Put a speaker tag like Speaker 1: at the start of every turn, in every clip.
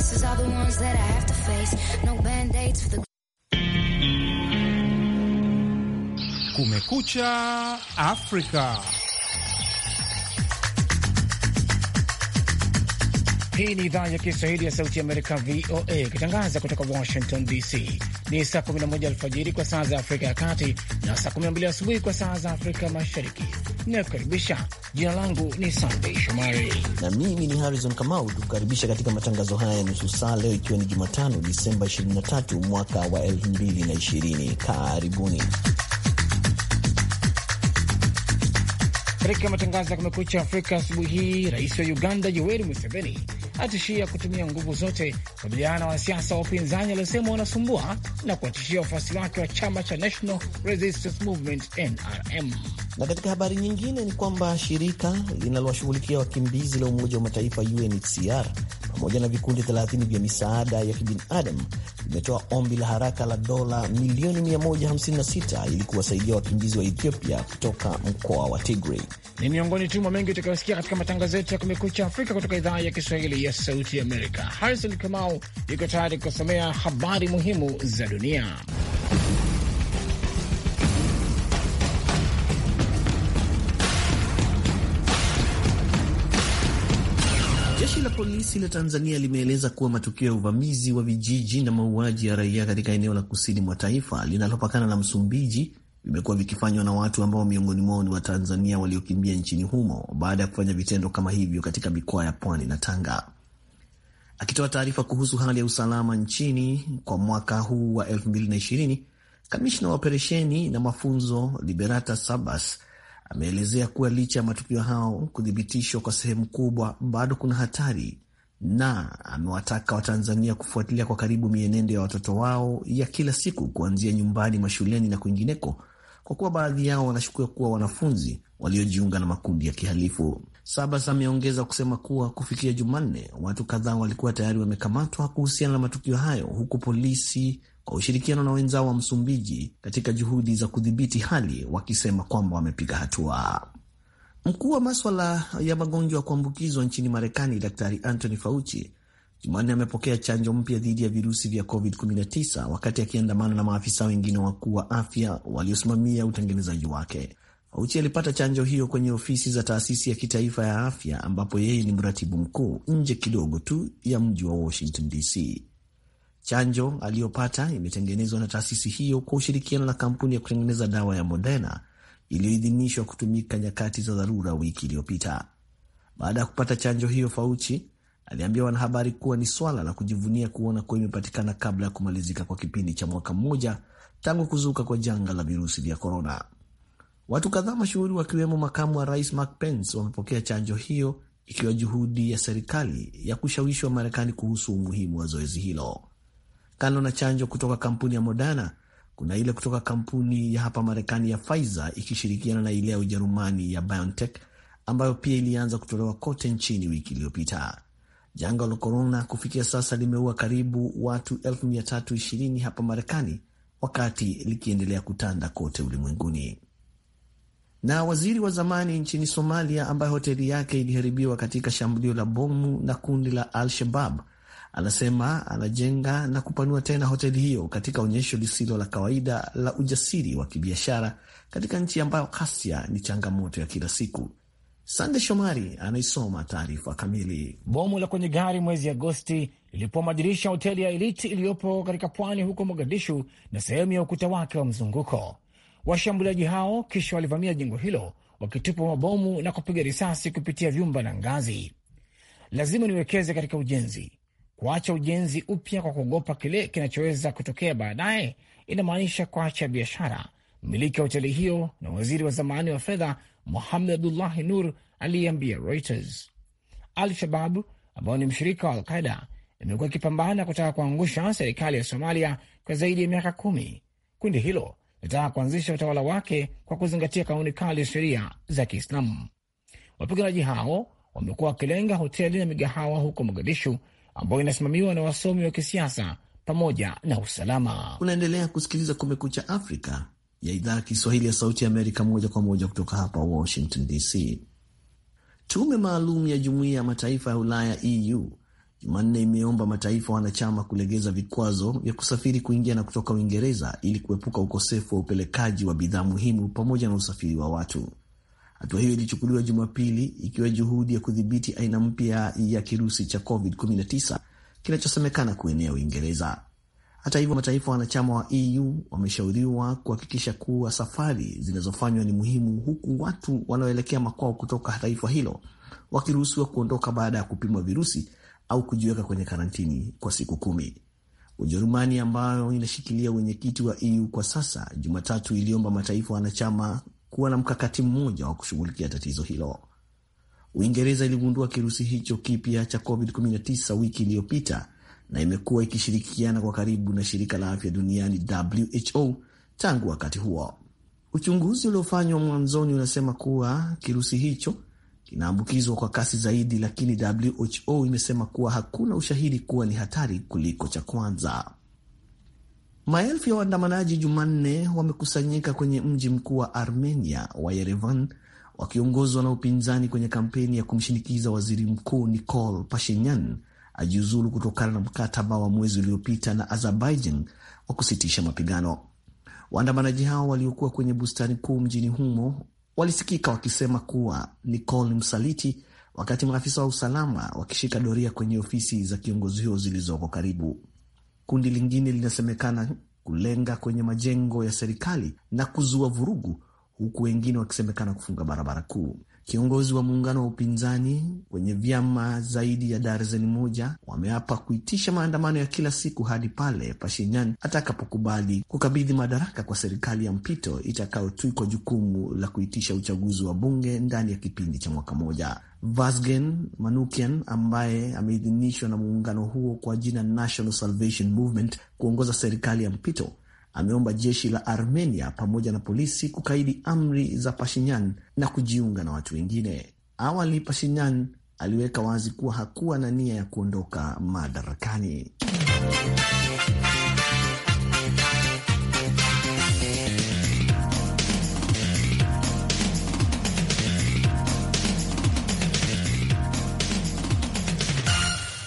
Speaker 1: losses are the ones that I have to face. No band-aids for the...
Speaker 2: Kumekucha Afrika.
Speaker 3: Hii ni idhaa ya Kiswahili ya Sauti Amerika, VOA, ikitangaza kutoka Washington DC. Ni saa 11 alfajiri kwa saa za Afrika ya Kati na saa 12 asubuhi kwa saa za Afrika Mashariki. inayokaribisha
Speaker 4: jina langu ni sandey Shomari na mimi ni Harrison Kamau, tukukaribisha katika matangazo haya ya nusu saa leo, ikiwa ni Jumatano Disemba 23 mwaka wa 2020. Karibuni
Speaker 3: katika matangazo ya Kumekucha Afrika asubuhi hii, rais wa Uganda Yoweri Museveni atishia kutumia nguvu zote kukabiliana na wanasiasa wa upinzani waliosema wanasumbua na kuwatishia wafuasi wake wa chama
Speaker 4: cha National Resistance Movement
Speaker 3: NRM.
Speaker 4: Na katika habari nyingine ni kwamba shirika linalowashughulikia wakimbizi la Umoja wa Mataifa UNHCR pamoja na vikundi 30 vya misaada ya kibinadamu vimetoa ombi la haraka la dola milioni 156 ili kuwasaidia wakimbizi wa Ethiopia kutoka mkoa wa Tigray.
Speaker 3: Ni miongoni tu mwa mengi utakayosikia katika matangazo yetu ya Kumekucha Afrika kutoka idhaa ya Kiswahili ya Sauti Amerika. Harrison Kamau yuko tayari kusomea habari muhimu za dunia.
Speaker 4: Jeshi la polisi la Tanzania limeeleza kuwa matukio ya uvamizi wa vijiji na mauaji ya raia katika eneo la kusini mwa taifa linalopakana na Msumbiji vimekuwa vikifanywa na watu ambao miongoni mwao ni Watanzania waliokimbia nchini humo baada ya kufanya vitendo kama hivyo katika mikoa ya Pwani na Tanga. Akitoa taarifa kuhusu hali ya usalama nchini kwa mwaka huu wa 2020, kamishna wa operesheni na mafunzo Liberata Sabas Ameelezea kuwa licha ya matukio hao kuthibitishwa kwa sehemu kubwa, bado kuna hatari na amewataka Watanzania kufuatilia kwa karibu mienendo ya watoto wao ya kila siku kuanzia nyumbani, mashuleni na kwingineko, kwa kuwa baadhi yao wanashukiwa kuwa wanafunzi waliojiunga na makundi ya kihalifu. Sabas ameongeza kusema kuwa kufikia Jumanne, watu kadhaa walikuwa tayari wamekamatwa kuhusiana na matukio hayo, huku polisi kwa ushirikiano na wenzao wa Msumbiji katika juhudi za kudhibiti hali, wakisema kwamba wamepiga hatua. Mkuu wa maswala ya magonjwa ya kuambukizwa nchini Marekani, Daktari Anthony Fauci Jumanne amepokea chanjo mpya dhidi ya virusi vya COVID-19 wakati akiandamana na maafisa wengine wakuu wa afya waliosimamia utengenezaji wake. Fauci alipata chanjo hiyo kwenye ofisi za taasisi ya kitaifa ya afya ambapo yeye ni mratibu mkuu, nje kidogo tu ya mji wa Washington DC. Chanjo aliyopata imetengenezwa na taasisi hiyo kwa ushirikiano na kampuni ya kutengeneza dawa ya Moderna iliyoidhinishwa kutumika nyakati za dharura wiki iliyopita. Baada ya kupata chanjo hiyo, Fauci aliambia wanahabari kuwa ni swala la kujivunia kuona kuwa imepatikana kabla ya kumalizika kwa kipindi cha mwaka mmoja tangu kuzuka kwa janga la virusi vya korona. Watu kadhaa mashuhuri wakiwemo makamu wa rais Mark Pence wamepokea chanjo hiyo, ikiwa juhudi ya serikali ya kushawishi marekani kuhusu umuhimu wa zoezi hilo. Kando na chanjo kutoka kampuni ya Moderna, kuna ile kutoka kampuni ya hapa Marekani ya Pfizer ikishirikiana na ile ya Ujerumani ya BioNTech ambayo pia ilianza kutolewa kote nchini wiki iliyopita. Janga la korona kufikia sasa limeua karibu watu 320 hapa Marekani, wakati likiendelea kutanda kote ulimwenguni. Na waziri wa zamani nchini Somalia ambaye hoteli yake iliharibiwa katika shambulio la bomu na kundi la Al-Shabab Anasema anajenga na kupanua tena hoteli hiyo katika onyesho lisilo la kawaida la ujasiri wa kibiashara katika nchi ambayo ghasia ni changamoto ya kila siku. Sande Shomari anaisoma taarifa kamili. Bomu la kwenye gari mwezi Agosti
Speaker 3: lilipoa madirisha ya hoteli ya Elite iliyopo katika pwani huko Mogadishu na sehemu ya ukuta wake wa mzunguko. Washambuliaji hao kisha walivamia jengo hilo wakitupa mabomu na kupiga risasi kupitia vyumba na ngazi. Lazima niwekeze katika ujenzi, Kuacha ujenzi upya kwa kuogopa kile kinachoweza kutokea baadaye inamaanisha kuacha biashara. Mmiliki wa hoteli hiyo na waziri wa zamani wa fedha Muhamed Abdullahi Nur aliyeambia Reuters Al-Shababu ambayo ni mshirika wa Alqaida imekuwa ikipambana kutaka kuangusha serikali ya Somalia kwa zaidi ya miaka kumi. Kundi hilo linataka kuanzisha utawala wake kwa kuzingatia kanuni kali ya sheria za Kiislamu. Wapiganaji hao wamekuwa wakilenga hoteli na migahawa huko Mogadishu ambayo inasimamiwa na wasomi wa kisiasa pamoja na usalama.
Speaker 4: Unaendelea kusikiliza Kumekucha Afrika ya idhaa ya Kiswahili ya Sauti ya Amerika, moja kwa moja kutoka hapa Washington DC. Tume maalum ya Jumuiya ya Mataifa ya Ulaya EU Jumanne imeomba mataifa wanachama kulegeza vikwazo vya kusafiri kuingia na kutoka Uingereza ili kuepuka ukosefu wa upelekaji wa bidhaa muhimu pamoja na usafiri wa watu. Hatua hiyo ilichukuliwa Jumapili ikiwa juhudi ya kudhibiti aina mpya ya kirusi cha COVID-19 kinachosemekana kuenea Uingereza. Hata hivyo, mataifa wanachama wa EU wameshauriwa kuhakikisha kuwa safari zinazofanywa ni muhimu, huku watu wanaoelekea makwao kutoka taifa hilo wakiruhusiwa kuondoka baada ya kupimwa virusi au kujiweka kwenye karantini kwa siku kumi. Ujerumani ambayo inashikilia wenyekiti wa EU kwa sasa, Jumatatu iliomba mataifa wanachama kuwa na mkakati mmoja wa kushughulikia tatizo hilo. Uingereza iligundua kirusi hicho kipya cha COVID-19 wiki iliyopita na imekuwa ikishirikiana kwa karibu na shirika la afya duniani WHO tangu wakati huo. Uchunguzi uliofanywa mwanzoni unasema kuwa kirusi hicho kinaambukizwa kwa kasi zaidi, lakini WHO imesema kuwa hakuna ushahidi kuwa ni hatari kuliko cha kwanza. Maelfu ya waandamanaji Jumanne wamekusanyika kwenye mji mkuu wa Armenia wa Yerevan wakiongozwa na upinzani kwenye kampeni ya kumshinikiza waziri mkuu Nikol Pashinyan ajiuzulu kutokana na mkataba wa mwezi uliopita na Azerbaijan wa kusitisha mapigano. Waandamanaji hao waliokuwa kwenye bustani kuu mjini humo walisikika wakisema kuwa Nikol ni msaliti, wakati maafisa wa usalama wakishika doria kwenye ofisi za kiongozi huyo zilizoko karibu. Kundi lingine linasemekana kulenga kwenye majengo ya serikali na kuzua vurugu, huku wengine wakisemekana kufunga barabara kuu. Kiongozi wa muungano wa upinzani wenye vyama zaidi ya darzeni moja wameapa kuitisha maandamano ya kila siku hadi pale Pashinyan atakapokubali kukabidhi madaraka kwa serikali ya mpito itakayotwikwa jukumu la kuitisha uchaguzi wa bunge ndani ya kipindi cha mwaka mmoja. vasgen Manukian ambaye ameidhinishwa na muungano huo kwa jina National Salvation Movement kuongoza serikali ya mpito ameomba jeshi la Armenia pamoja na polisi kukaidi amri za Pashinyan na kujiunga na watu wengine. Awali Pashinyan aliweka wazi kuwa hakuwa na nia ya kuondoka madarakani.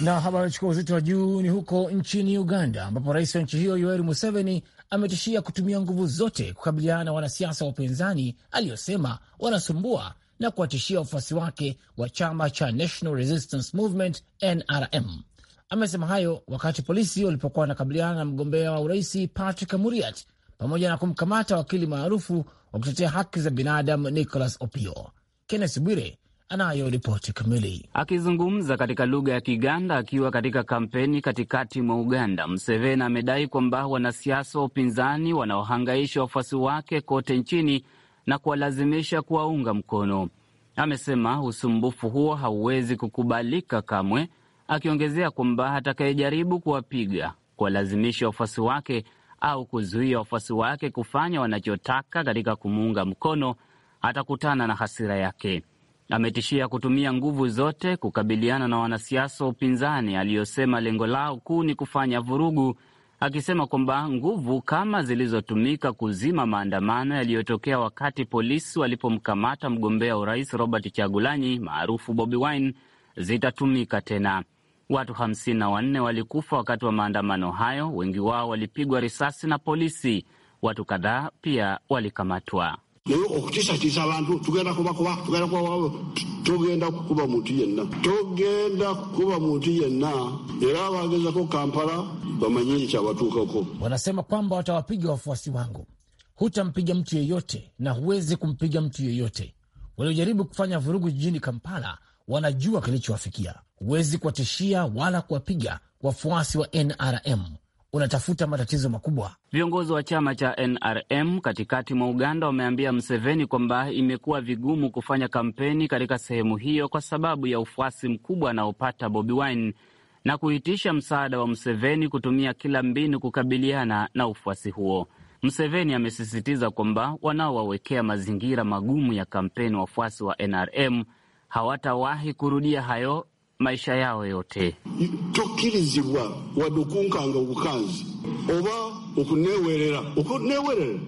Speaker 3: Na habari chukua uzito wa juu ni huko nchini Uganda, ambapo rais wa nchi hiyo Yoweri Museveni ametishia kutumia nguvu zote kukabiliana na wanasiasa wa upinzani aliyosema wanasumbua na kuwatishia wafuasi wake wa chama cha National Resistance Movement NRM. Amesema hayo wakati polisi walipokuwa wanakabiliana na mgombea wa uraisi Patrick Amuriat pamoja na kumkamata wakili maarufu wa kutetea haki za binadamu Nicholas Opio. Kenneth Bwire anayo ripoti kamili.
Speaker 2: Akizungumza katika lugha ya Kiganda akiwa katika kampeni katikati mwa Uganda, Mseveni amedai kwamba wanasiasa wa upinzani wanaohangaisha wafuasi wake kote nchini na kuwalazimisha kuwaunga mkono. Amesema usumbufu huo hauwezi kukubalika kamwe, akiongezea kwamba atakayejaribu kuwapiga, kuwalazimisha wafuasi wake au kuzuia wafuasi wake kufanya wanachotaka katika kumuunga mkono atakutana na hasira yake ametishia kutumia nguvu zote kukabiliana na wanasiasa wa upinzani aliyosema lengo lao kuu ni kufanya vurugu, akisema kwamba nguvu kama zilizotumika kuzima maandamano yaliyotokea wakati polisi walipomkamata mgombea urais Robert Chagulanyi maarufu Bobi Wine zitatumika tena. Watu 54 walikufa wakati wa maandamano hayo, wengi wao walipigwa risasi na polisi. Watu kadhaa pia walikamatwa leero okutisatiisa abantu tugenda kubakuba tugenda kubawa togenda kukuba muntu yenna togenda kukuba muntu yenna era abagezako kampala bamanyiri kyabatuukako
Speaker 3: wanasema kwamba watawapiga wafuasi wangu hutampiga mtu yeyote na huwezi kumpiga mtu yeyote waliojaribu kufanya vurugu jijini kampala wanajua kilichowafikia huwezi kuwatishia wala kuwapiga wafuasi wa nrm unatafuta matatizo makubwa.
Speaker 2: Viongozi wa chama cha NRM katikati mwa Uganda wameambia Mseveni kwamba imekuwa vigumu kufanya kampeni katika sehemu hiyo kwa sababu ya ufuasi mkubwa anaopata Bobi Wine na kuitisha msaada wa Mseveni kutumia kila mbinu kukabiliana na ufuasi huo. Mseveni amesisitiza kwamba wanaowawekea mazingira magumu ya kampeni wafuasi wa NRM hawatawahi kurudia hayo maisha yao yote tokirizibwa wadde okunkanga oba okunewerera okunewerera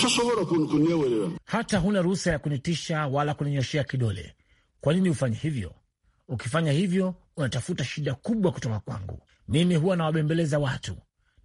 Speaker 2: tosobola kunewerera
Speaker 3: hata huna ruhusa ya kunitisha wala kuninyoshea kidole kwa nini ufanye hivyo ukifanya hivyo unatafuta shida kubwa kutoka kwangu mimi huwa nawabembeleza watu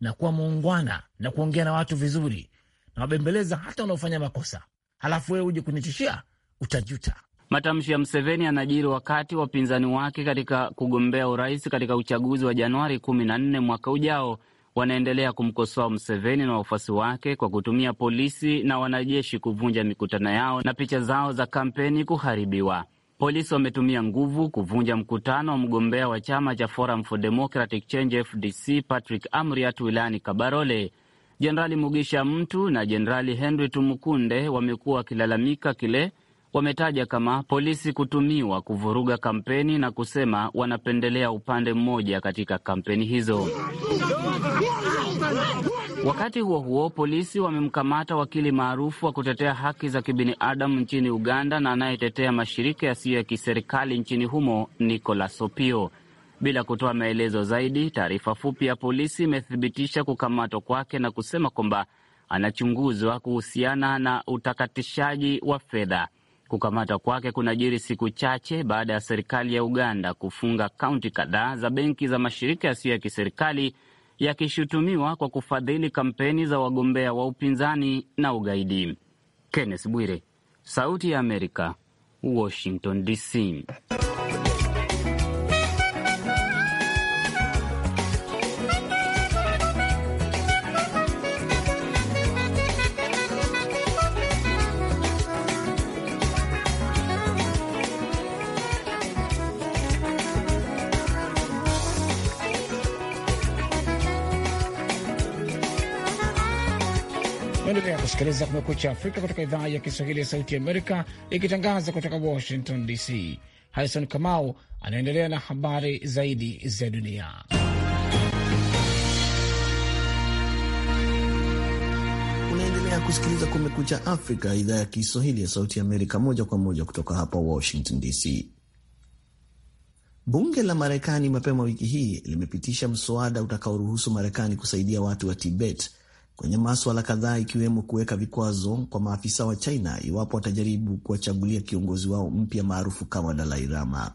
Speaker 3: na kuwa muungwana na kuongea na watu vizuri nawabembeleza hata unaofanya makosa halafu wewe uje kunitishia utajuta
Speaker 2: Matamshi ya Mseveni yanajiri wakati wapinzani wake katika kugombea urais katika uchaguzi wa Januari 14 mwaka ujao wanaendelea kumkosoa Mseveni na wafuasi wake kwa kutumia polisi na wanajeshi kuvunja mikutano yao na picha zao za kampeni kuharibiwa. Polisi wametumia nguvu kuvunja mkutano wa mgombea wa chama cha Forum for Democratic Change FDC Patrick Amriat wilayani Kabarole. Jenerali Mugisha Mtu na Jenerali Henry Tumukunde wamekuwa wakilalamika kile wametaja kama polisi kutumiwa kuvuruga kampeni na kusema wanapendelea upande mmoja katika kampeni hizo. Wakati huo huo, polisi wamemkamata wakili maarufu wa kutetea haki za kibinadamu nchini Uganda na anayetetea mashirika yasiyo ya kiserikali nchini humo Nicolas Opio. Bila kutoa maelezo zaidi, taarifa fupi ya polisi imethibitisha kukamatwa kwake na kusema kwamba anachunguzwa kuhusiana na utakatishaji wa fedha. Kukamatwa kwake kunajiri siku chache baada ya serikali ya Uganda kufunga kaunti kadhaa za benki za mashirika yasiyo ya kiserikali yakishutumiwa kwa kufadhili kampeni za wagombea wa upinzani na ugaidi. Kenneth Bwire, Sauti ya Amerika, Washington DC.
Speaker 3: unasikiliza Kumekucha Afrika kutoka idhaa ya Kiswahili ya Sauti Amerika ikitangaza kutoka Washington DC. Harison Kamau anaendelea na habari zaidi za dunia.
Speaker 4: Unaendelea kusikiliza Kumekucha Afrika, idhaa ya Kiswahili ya Sauti Amerika, moja kwa moja kutoka hapa Washington DC. Bunge la Marekani mapema wiki hii limepitisha mswada utakaoruhusu Marekani kusaidia watu wa Tibet kwenye maswala kadhaa ikiwemo kuweka vikwazo kwa maafisa wa China iwapo watajaribu kuwachagulia kiongozi wao mpya maarufu kama Dalai Lama.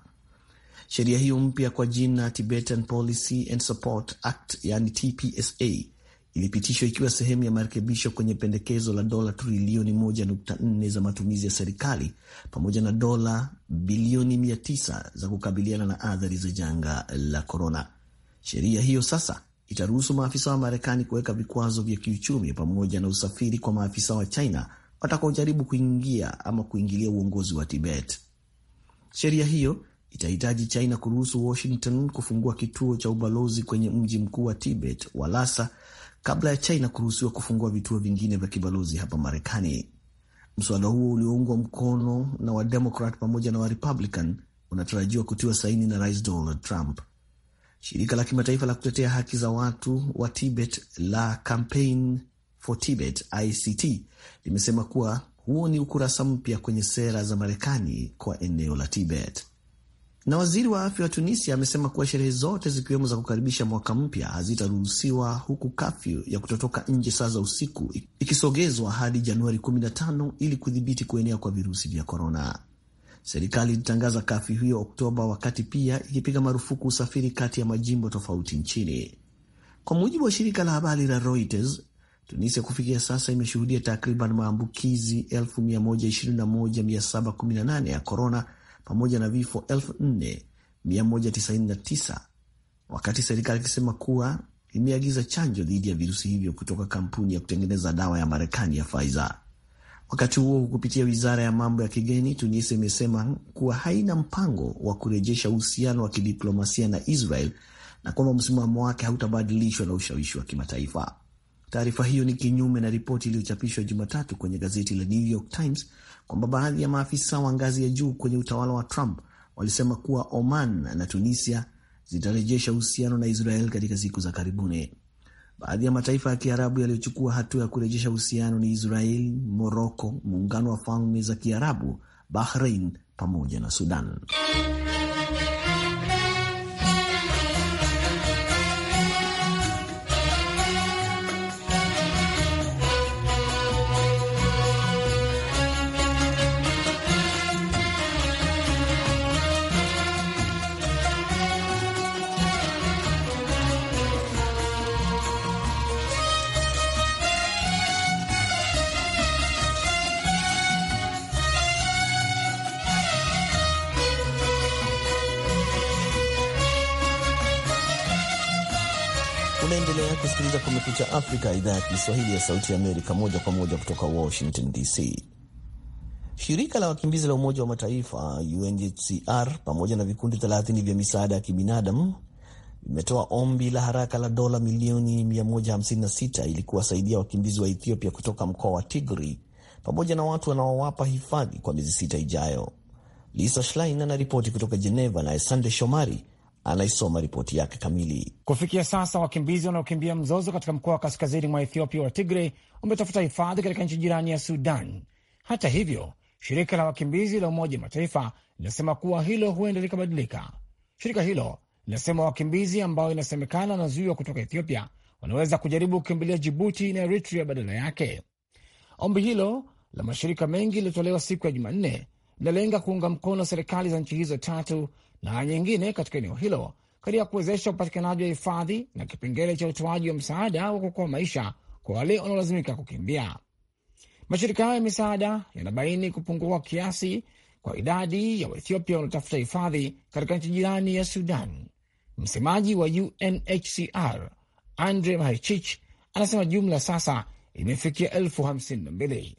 Speaker 4: Sheria hiyo mpya kwa jina Tibetan Policy and Support Act, yani TPSA, ilipitishwa ikiwa sehemu ya marekebisho kwenye pendekezo la dola trilioni 1.4 za matumizi ya serikali pamoja na dola bilioni 900 za kukabiliana na athari za janga la korona. Sheria hiyo sasa itaruhusu maafisa wa Marekani kuweka vikwazo vya kiuchumi pamoja na usafiri kwa maafisa wa China watakaojaribu kuingia ama kuingilia uongozi wa Tibet. Sheria hiyo itahitaji China kuruhusu Washington kufungua kituo cha ubalozi kwenye mji mkuu wa Tibet wa Lhasa kabla ya China kuruhusiwa kufungua vituo vingine vya kibalozi hapa Marekani. Mswada huo ulioungwa mkono na Wademokrat pamoja na Warepublican unatarajiwa kutiwa saini na Rais Donald Trump. Shirika la kimataifa la kutetea haki za watu wa Tibet la Campaign for Tibet ICT limesema kuwa huo ni ukurasa mpya kwenye sera za Marekani kwa eneo la Tibet. Na waziri wa afya wa Tunisia amesema kuwa sherehe zote zikiwemo za kukaribisha mwaka mpya hazitaruhusiwa huku kafyu ya kutotoka nje saa za usiku ikisogezwa hadi Januari 15 ili kudhibiti kuenea kwa virusi vya korona. Serikali ilitangaza kafi hiyo Oktoba, wakati pia ikipiga marufuku usafiri kati ya majimbo tofauti nchini. Kwa mujibu wa shirika la habari la Reuters, Tunisia kufikia sasa imeshuhudia takriban maambukizi 121718 ya korona pamoja na vifo 4199 wakati serikali ikisema kuwa imeagiza chanjo dhidi ya virusi hivyo kutoka kampuni ya kutengeneza dawa ya Marekani ya Pfizer. Wakati huo kupitia wizara ya mambo ya kigeni, Tunisia imesema kuwa haina mpango wa kurejesha uhusiano wa kidiplomasia na Israel na kwamba msimamo wake hautabadilishwa na ushawishi wa kimataifa. Taarifa hiyo ni kinyume na ripoti iliyochapishwa Jumatatu kwenye gazeti la New York Times kwamba baadhi ya maafisa wa ngazi ya juu kwenye utawala wa Trump walisema kuwa Oman na Tunisia zitarejesha uhusiano na Israel katika siku za karibuni. Baadhi ya mataifa ya Kiarabu yaliyochukua hatua ya kurejesha uhusiano ni Israeli, Moroko, Muungano wa Falme za Kiarabu, Bahrain pamoja na Sudan. kusikiliza Kumekucha Afrika, idhaa ya Kiswahili ya Sauti ya Amerika, moja kwa moja kutoka Washington DC. Shirika la wakimbizi la Umoja wa Mataifa UNHCR pamoja na vikundi 30 vya misaada ya kibinadamu vimetoa ombi la haraka la dola milioni 156 ili kuwasaidia wakimbizi wa Ethiopia kutoka mkoa wa tigri pamoja na watu wanaowapa hifadhi kwa miezi sita ijayo. Lisa Schlein anaripoti kutoka Geneva, naye Sande Shomari anaisoma ripoti yake kamili. Kufikia sasa wakimbizi wanaokimbia mzozo katika mkoa wa kaskazini mwa Ethiopia wa Tigray
Speaker 3: wametafuta hifadhi katika nchi jirani ya Sudan. Hata hivyo, shirika la wakimbizi la Umoja wa Mataifa linasema kuwa hilo huenda likabadilika. Shirika hilo linasema wakimbizi ambao inasemekana wanazuiwa kutoka Ethiopia wanaweza kujaribu kukimbilia Jibuti na Eritrea badala yake. Ombi hilo la mashirika mengi lilitolewa siku ya Jumanne linalenga kuunga mkono serikali za nchi hizo tatu na nyingine katika eneo hilo katika kuwezesha upatikanaji wa hifadhi na kipengele cha utoaji wa msaada wa kuokoa maisha kwa wale wanaolazimika kukimbia. Mashirika hayo ya misaada yanabaini kupungua kiasi kwa idadi ya Waethiopia wanaotafuta hifadhi katika nchi jirani ya Sudan. Msemaji wa UNHCR Andre Mahichich anasema jumla sasa imefikia
Speaker 4: elfu hamsini na mbili.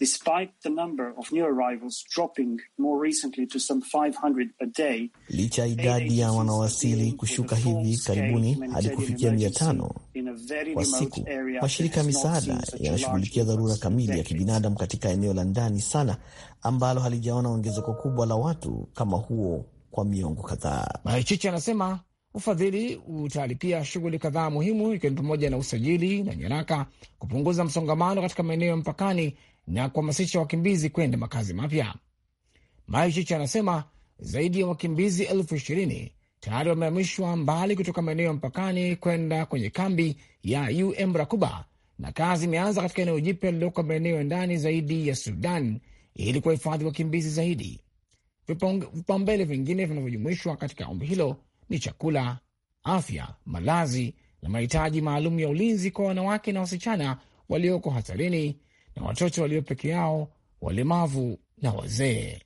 Speaker 4: Licha ya idadi ya wanawasili kushuka hivi karibuni hadi kufikia mia tano
Speaker 2: kwa siku, mashirika ya misaada yanashughulikia
Speaker 4: dharura kamili ya kibinadamu katika eneo la ndani sana ambalo halijaona ongezeko kubwa la watu kama huo kwa miongo kadhaa.
Speaker 3: Maichichi anasema Ufadhili utalipia shughuli kadhaa muhimu, ikiwa ni pamoja na usajili na nyaraka, kupunguza msongamano katika maeneo ya mpakani na kuhamasisha wakimbizi kwenda makazi mapya. Maishichi anasema zaidi ya wakimbizi elfu ishirini tayari wamehamishwa mbali kutoka maeneo ya mpakani kwenda kwenye kambi ya UM Rakuba, na kazi imeanza katika eneo jipya lililoko maeneo ya ndani zaidi ya Sudan ili kuwahifadhi wakimbizi zaidi. Vipaumbele vingine vinavyojumuishwa katika ombi hilo ni chakula, afya, malazi na mahitaji maalum ya ulinzi kwa wanawake na wasichana walioko hatarini na watoto walio peke yao, walemavu na wazee.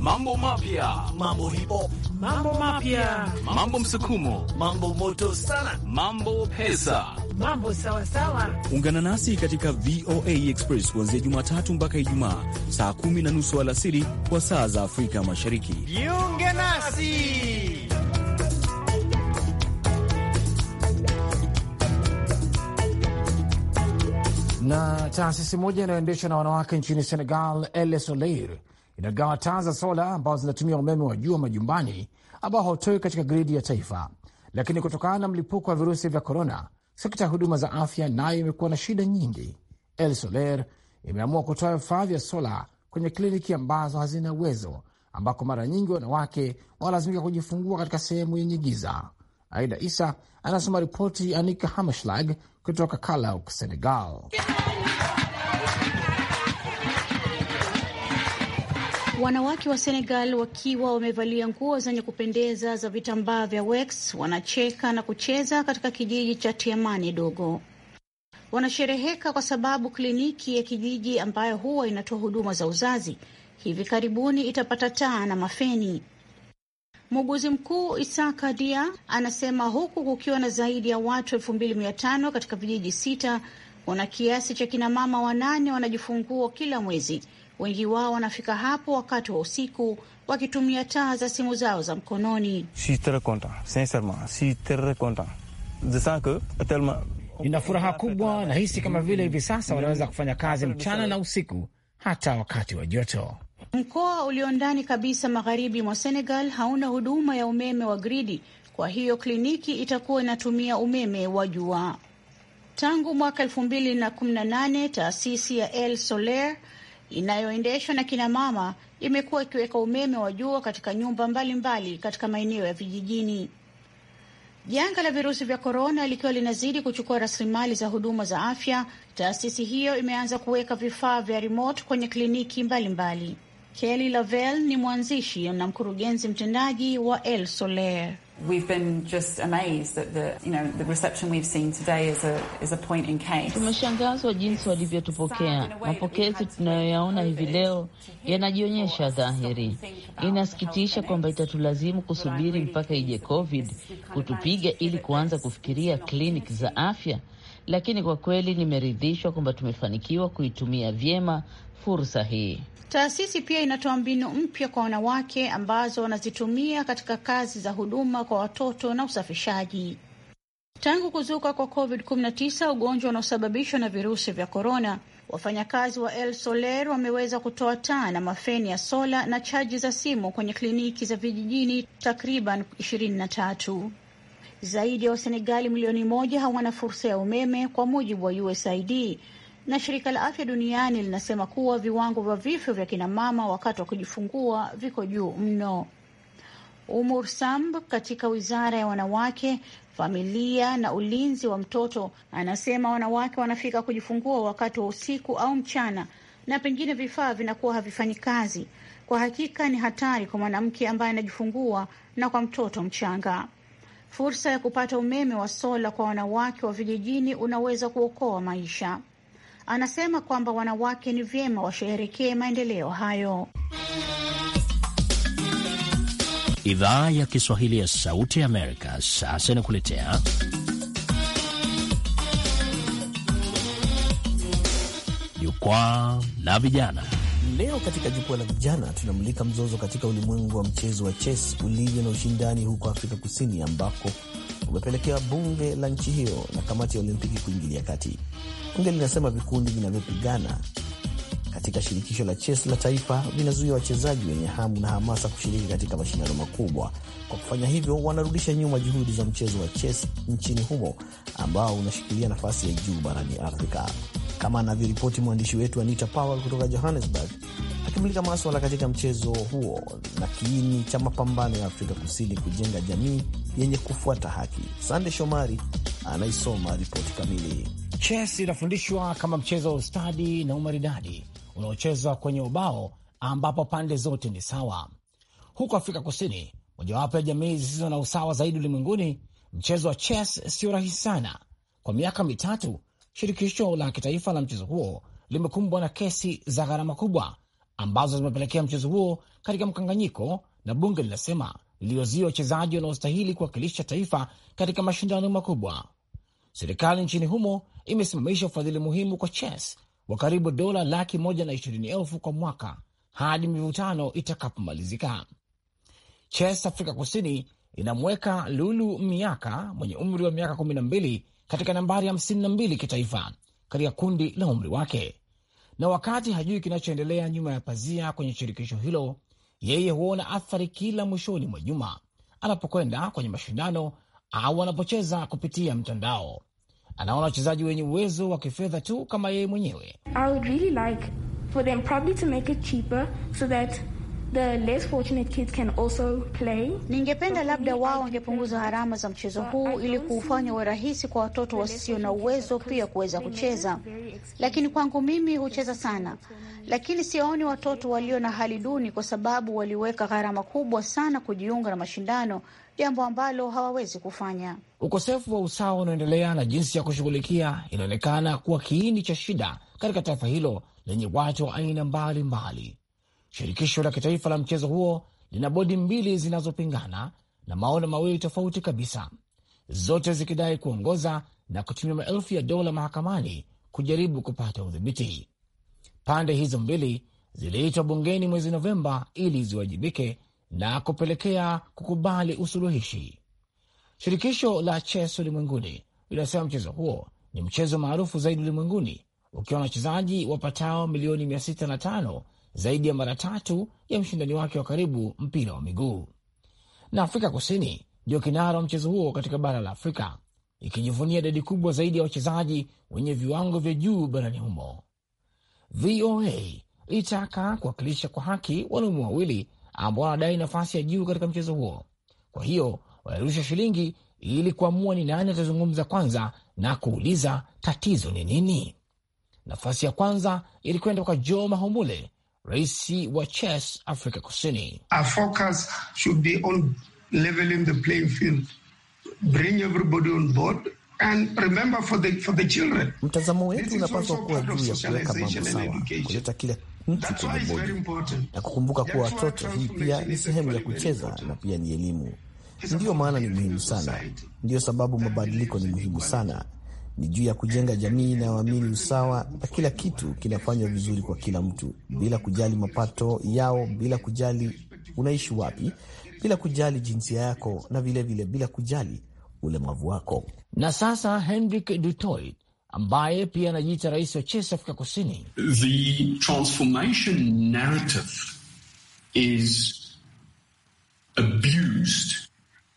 Speaker 3: Mambo mapya, mambo hip hop mambo mapya,
Speaker 2: mambo msukumo, mambo moto sana, mambo pesa,
Speaker 3: mambo sawa sawa.
Speaker 2: Ungana nasi katika VOA Express kuanzia Jumatatu mpaka Ijumaa saa kumi na nusu alasiri kwa saa za Afrika Mashariki.
Speaker 4: Jiunge nasi.
Speaker 3: na taasisi moja inayoendeshwa na wanawake nchini Senegal, El Soleil inagawa taa za sola ambazo zinatumia umeme wa jua majumbani ambao hautoi katika gridi ya taifa. Lakini kutokana na mlipuko wa virusi vya korona, sekta ya huduma za afya nayo imekuwa na shida nyingi. El Soler imeamua kutoa vifaa vya sola kwenye kliniki ambazo hazina uwezo, ambako mara nyingi wanawake wanalazimika kujifungua katika sehemu yenye giza. Aida Isa anasoma ripoti Anika Hammerschlag kutoka Kalauk, Senegal.
Speaker 1: Wanawake wa Senegal wakiwa wamevalia nguo zenye kupendeza za vitambaa vya wax wanacheka na kucheza katika kijiji cha Tiamani Dogo. Wanashereheka kwa sababu kliniki ya kijiji ambayo huwa inatoa huduma za uzazi hivi karibuni itapata taa na mafeni. Muuguzi mkuu Isaka Dia anasema huku kukiwa na zaidi ya watu elfu mbili mia tano katika vijiji sita, kuna kiasi cha kinamama wanane wanajifungua kila mwezi Wengi wao wanafika hapo wakati wa usiku wakitumia taa za simu zao za mkononi.
Speaker 3: Nina furaha kubwa, nahisi kama vile hivi sasa wanaweza kufanya kazi mchana na usiku, hata wakati wa joto.
Speaker 1: Mkoa ulio ndani kabisa magharibi mwa Senegal hauna huduma ya umeme wa gridi, kwa hiyo kliniki itakuwa inatumia umeme wa jua. Tangu mwaka 2018 taasisi ya El Soleil inayoendeshwa na kinamama imekuwa ikiweka umeme wa jua katika nyumba mbalimbali mbali katika maeneo ya vijijini. Janga la virusi vya korona likiwa linazidi kuchukua rasilimali za huduma za afya, taasisi hiyo imeanza kuweka vifaa vya remote kwenye kliniki mbalimbali. Kelly Lavelle ni mwanzishi na mkurugenzi mtendaji wa El Soler.
Speaker 2: We've been just amazed that the, you know, the reception we've seen today is a, is a point in case.
Speaker 1: Tumeshangazwa jinsi walivyotupokea. Mapokezi tunayoyaona hivi leo yanajionyesha dhahiri. Inasikitisha kwamba itatulazimu kusubiri mpaka ije COVID kutupiga ili kuanza kufikiria kliniki za afya, lakini kwa kweli nimeridhishwa kwamba tumefanikiwa kuitumia vyema fursa hii. Taasisi pia inatoa mbinu mpya kwa wanawake ambazo wanazitumia katika kazi za huduma kwa watoto na usafishaji. Tangu kuzuka kwa COVID-19, ugonjwa unaosababishwa na virusi vya korona, wafanyakazi wa El Soler wameweza kutoa taa na mafeni ya sola na chaji za simu kwenye kliniki za vijijini takriban 23. Zaidi ya Wasenegali milioni moja hawana fursa ya umeme kwa mujibu wa USAID na shirika la afya duniani linasema kuwa viwango vya vifo vya kinamama wakati wa kujifungua viko juu mno. Umur Samb katika wizara ya wanawake, familia na ulinzi wa mtoto anasema wanawake wanafika kujifungua wakati wa usiku au mchana, na pengine vifaa vinakuwa havifanyi kazi. Kwa hakika ni hatari kwa mwanamke ambaye anajifungua na kwa mtoto mchanga. Fursa ya kupata umeme wa sola kwa wanawake wa vijijini unaweza kuokoa maisha anasema kwamba wanawake ni vyema washeherekee maendeleo hayo.
Speaker 2: Idhaa ya Kiswahili ya Sauti ya Amerika sasa inakuletea
Speaker 4: Jukwaa la Vijana. Leo katika Jukwaa la Vijana tunamulika mzozo katika ulimwengu wa mchezo wa chess ulivyo na ushindani huko Afrika Kusini, ambako umepelekea bunge la nchi hiyo na kamati ya Olimpiki kuingilia kati. Bunge linasema vikundi vinavyopigana katika shirikisho la chess la taifa vinazuia wachezaji wenye hamu na hamasa kushiriki katika mashindano makubwa. Kwa kufanya hivyo, wanarudisha nyuma juhudi za mchezo wa chess nchini humo ambao unashikilia nafasi ya juu barani Afrika, kama anavyoripoti mwandishi wetu Anita Powell kutoka Johannesburg kumulika maswala katika mchezo huo na kiini cha mapambano ya Afrika Kusini kujenga jamii yenye kufuata haki. Sande Shomari anaisoma ripoti kamili. Chess inafundishwa kama mchezo wa ustadi na umaridadi
Speaker 3: unaochezwa kwenye ubao ambapo pande zote ni sawa. Huko Afrika Kusini, mojawapo ya jamii zisizo na usawa zaidi ulimwenguni, mchezo wa chess sio rahisi sana. Kwa miaka mitatu, shirikisho la kitaifa la mchezo huo limekumbwa na kesi za gharama kubwa ambazo zimepelekea mchezo huo katika mkanganyiko, na bunge linasema liliozia wachezaji wanaostahili kuwakilisha taifa katika mashindano makubwa. Serikali nchini humo imesimamisha ufadhili muhimu kwa chess wa karibu dola laki moja na ishirini elfu kwa mwaka hadi mivutano itakapomalizika. Chess Afrika Kusini inamweka Lulu Miaka mwenye umri wa miaka kumi na mbili katika nambari hamsini na mbili kitaifa katika kundi la umri wake na wakati hajui kinachoendelea nyuma ya pazia kwenye shirikisho hilo, yeye huona athari kila mwishoni mwa juma anapokwenda kwenye mashindano au anapocheza kupitia mtandao. Anaona wachezaji wenye uwezo wa kifedha tu kama yeye mwenyewe.
Speaker 1: I would really like for them probably to make it cheaper so that The less fortunate kids can also play. Ningependa labda wao wangepunguza gharama za mchezo huu ili kuufanya uwe rahisi kwa watoto wasio na uwezo pia kuweza kucheza. Lakini kwangu mimi hucheza sana, lakini siwaoni watoto walio na hali duni, kwa sababu waliweka gharama kubwa sana kujiunga na mashindano, jambo ambalo hawawezi kufanya.
Speaker 3: Ukosefu wa usawa unaendelea na jinsi ya kushughulikia inaonekana kuwa kiini cha shida katika taifa hilo lenye watu wa aina mbalimbali. Shirikisho la kitaifa la mchezo huo lina bodi mbili zinazopingana na maono mawili tofauti kabisa, zote zikidai kuongoza na kutumia maelfu ya dola mahakamani kujaribu kupata udhibiti. Pande hizo mbili ziliitwa bungeni mwezi Novemba ili ziwajibike na kupelekea kukubali usuluhishi. Shirikisho la chess ulimwenguni linasema mchezo huo ni mchezo maarufu zaidi ulimwenguni ukiwa na wachezaji wapatao milioni 605 zaidi ya mara tatu ya mshindani wake wa karibu mpira wa miguu. Na Afrika Kusini ndio kinara wa mchezo huo katika bara la Afrika, ikijivunia idadi kubwa zaidi ya wachezaji wenye viwango vya juu barani humo. VOA ilitaka kuwakilisha kwa haki wanaume wawili ambao wanadai nafasi ya juu katika mchezo huo. Kwa hiyo walirusha shilingi ili kuamua ni nani atazungumza kwanza na kuuliza tatizo ni nini. Nafasi ya kwanza ilikwenda kwa Joe Mahumbule rais wa Chess Afrika Kusini.
Speaker 2: Our focus should be on leveling the playing field. Bring everybody on board. And
Speaker 4: remember for the, for the children. Mtazamo wetu unapaswa kuwa juu ya kuweka mambo sawa, kuleta kila mtu kwenye bodi na kukumbuka kuwa watoto, hii pia ni sehemu ya kucheza na pia ni elimu. Ndiyo maana ni muhimu sana, ndiyo sababu mabadiliko ni muhimu sana ni juu ya kujenga jamii inayoamini usawa na kila kitu kinafanywa vizuri kwa kila mtu bila kujali mapato yao, bila kujali unaishi wapi, bila kujali jinsia yako na vilevile vile bila kujali ulemavu wako. Na sasa Henrik dutoy ambaye pia anajiita rais wa Chess Afrika Kusini.
Speaker 2: The transformation narrative is
Speaker 4: abused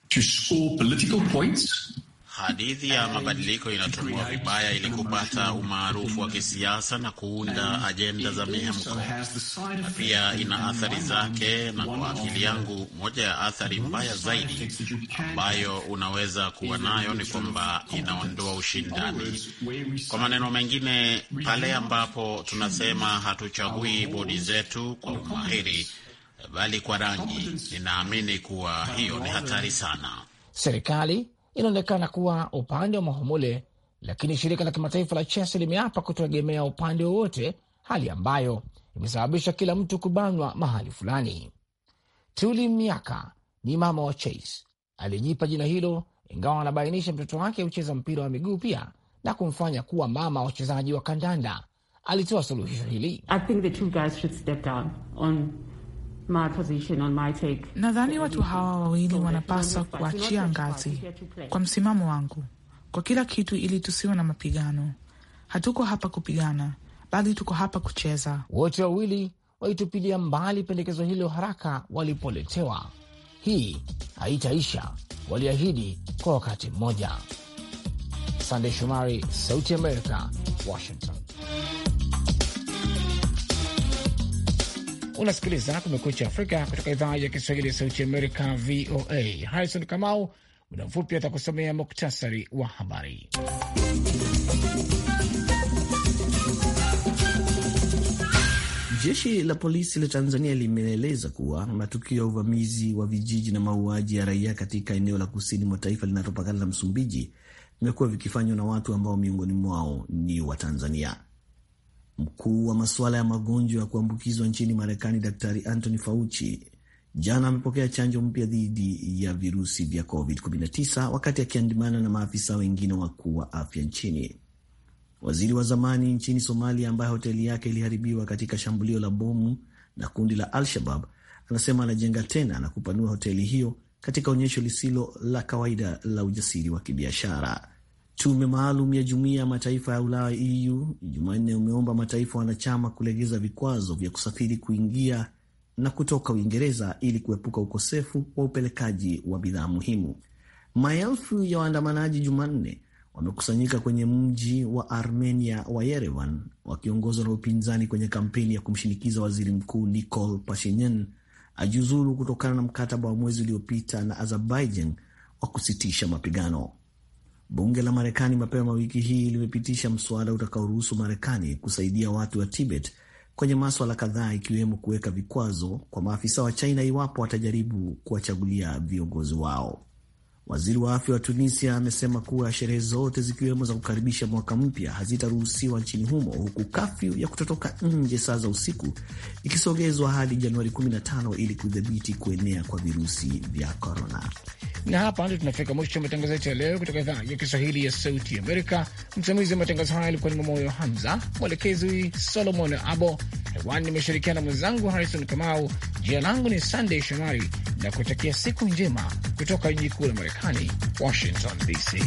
Speaker 4: to score political
Speaker 2: points Hadithi ya mabadiliko inatumiwa vibaya ili kupata umaarufu wa kisiasa na kuunda ajenda za mihemko,
Speaker 4: na pia ina athari zake. Na kwa akili
Speaker 2: yangu, moja ya athari mbaya zaidi ambayo unaweza kuwa nayo ni kwamba inaondoa ushindani. Kwa maneno mengine, pale ambapo tunasema hatuchagui bodi zetu kwa umahiri, bali kwa rangi, ninaamini kuwa hiyo ni hatari sana.
Speaker 3: Serikali inaonekana kuwa upande wa Mahomule, lakini shirika la kimataifa la Chess limeapa kutoegemea upande wowote, hali ambayo imesababisha kila mtu kubanwa mahali fulani. Tuli Miaka ni mama wa Chase alijipa jina hilo, ingawa anabainisha mtoto wake hucheza mpira wa miguu pia na kumfanya kuwa mama wa wachezaji wa kandanda. Alitoa suluhisho hili. I think
Speaker 2: the two guys should step down on
Speaker 1: Nadhani watu hawa wawili wanapaswa kuachia ngazi. Kwa msimamo wangu,
Speaker 2: kwa kila kitu,
Speaker 1: ili tusiwe na mapigano. Hatuko hapa kupigana, bali tuko hapa kucheza.
Speaker 3: Wote wawili walitupilia mbali pendekezo hilo haraka walipoletewa. Hii haitaisha, waliahidi kwa wakati mmoja. Sandey Shomari, Sauti ya Amerika, Washington. Unasikiliza Kumekucha Afrika kutoka idhaa ya Kiswahili ya Sauti Amerika, VOA. Harrison Kamau muda mfupi atakusomea muktasari wa habari.
Speaker 4: Jeshi la polisi la Tanzania limeeleza kuwa matukio ya uvamizi wa vijiji na mauaji ya raia katika eneo la kusini mwa taifa linalopakana na Msumbiji vimekuwa vikifanywa na watu ambao miongoni mwao ni Watanzania. Mkuu wa masuala ya magonjwa ya kuambukizwa nchini Marekani, Daktari Anthony Fauci jana amepokea chanjo mpya dhidi ya virusi vya COVID-19 wakati akiandamana na maafisa wengine wakuu wa afya nchini. Waziri wa zamani nchini Somalia ambaye hoteli yake iliharibiwa katika shambulio la bomu na kundi la Al-Shabab anasema anajenga tena na kupanua hoteli hiyo katika onyesho lisilo la kawaida la ujasiri wa kibiashara. Tume maalum ya Jumuiya ya Mataifa ya Ulaya EU Jumanne umeomba mataifa wanachama kulegeza vikwazo vya kusafiri kuingia na kutoka Uingereza ili kuepuka ukosefu wa upelekaji wa bidhaa muhimu. Maelfu ya waandamanaji Jumanne wamekusanyika kwenye mji wa Armenia wa Yerevan wakiongozwa na upinzani kwenye kampeni ya kumshinikiza waziri mkuu Nikol Pashinyan ajiuzuru kutokana na mkataba wa mwezi uliopita na Azerbaijan wa kusitisha mapigano. Bunge la Marekani mapema wiki hii limepitisha mswada utakaoruhusu Marekani kusaidia watu wa Tibet kwenye maswala kadhaa ikiwemo kuweka vikwazo kwa maafisa wa China iwapo watajaribu kuwachagulia viongozi wao. Waziri wa afya wa Tunisia amesema kuwa sherehe zote zikiwemo za kukaribisha mwaka mpya hazitaruhusiwa nchini humo, huku kafyu ya kutotoka nje saa za usiku ikisogezwa hadi Januari 15 ili kudhibiti kuenea kwa virusi vya korona.
Speaker 3: Na hapa ndio tunafika mwisho matangazo yetu ya leo kutoka idhaa ya Kiswahili ya Sauti Amerika. Msimamizi wa matangazo haya alikuwa ni Mamoyo Hamza, mwelekezi Solomon Abo hewani nimeshirikiana mwenzangu Harrison Kamau. Jina langu ni Sunday Shomari na kutakia siku njema kutoka jiji kuu la Marekani, Washington DC.